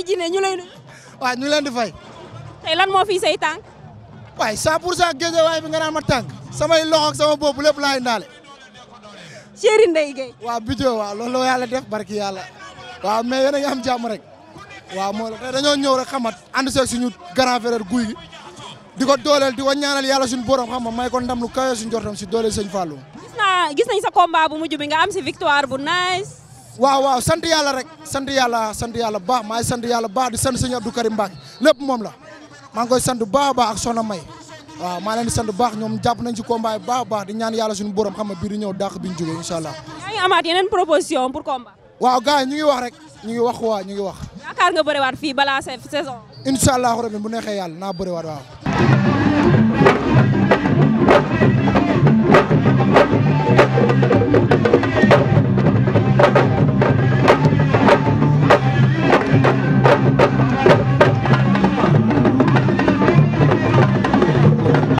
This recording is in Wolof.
Mbaye Djiné ñu lay nuyu. ñu leen di fay. tay lan ya, ya, ya, mo fi sey tank waay 100 pour way bi nga naan ma tank sama loox ak sama bop lepp lay ndalé Chéri ndey gay wa Bidio wa loolu la yàlla def barki yalla wa mais yéen nga am jamm rek wa mo la tey ñëw rek xamat and sé suñu grand frère guuy gi di ko dooleel di ko ñaanal suñu borom xam ma may ko ndam lu kawe suñu jortam si dooleel señ fallu gis na gis nañ sa combat bu mujju bi nga am si victoire bu nice. waaw waaw sant yàlla rek sant yàlla sant yàlla bu baax maa sant yàlla bu baax di sant sëñ Abdou Karim Mbacke lépp moom la maa ngi koy sant bu baax a baax ak Soxna May waaw maa leen di sant baax ñoom jàpp nañ ci combat bu baax a baax di ñaan yàlla suñu borom xam nga bii di ñëw dàq bi ñu jógee incha allah. yaa ngi amaat yeneen proposition pour combat. rek ñu ngi wax waa ñu ngi wax. yaakaar nga bëriwaat fii balaa saison. incha allah rabi bu neexee yàlla naa bëriwaat waaw.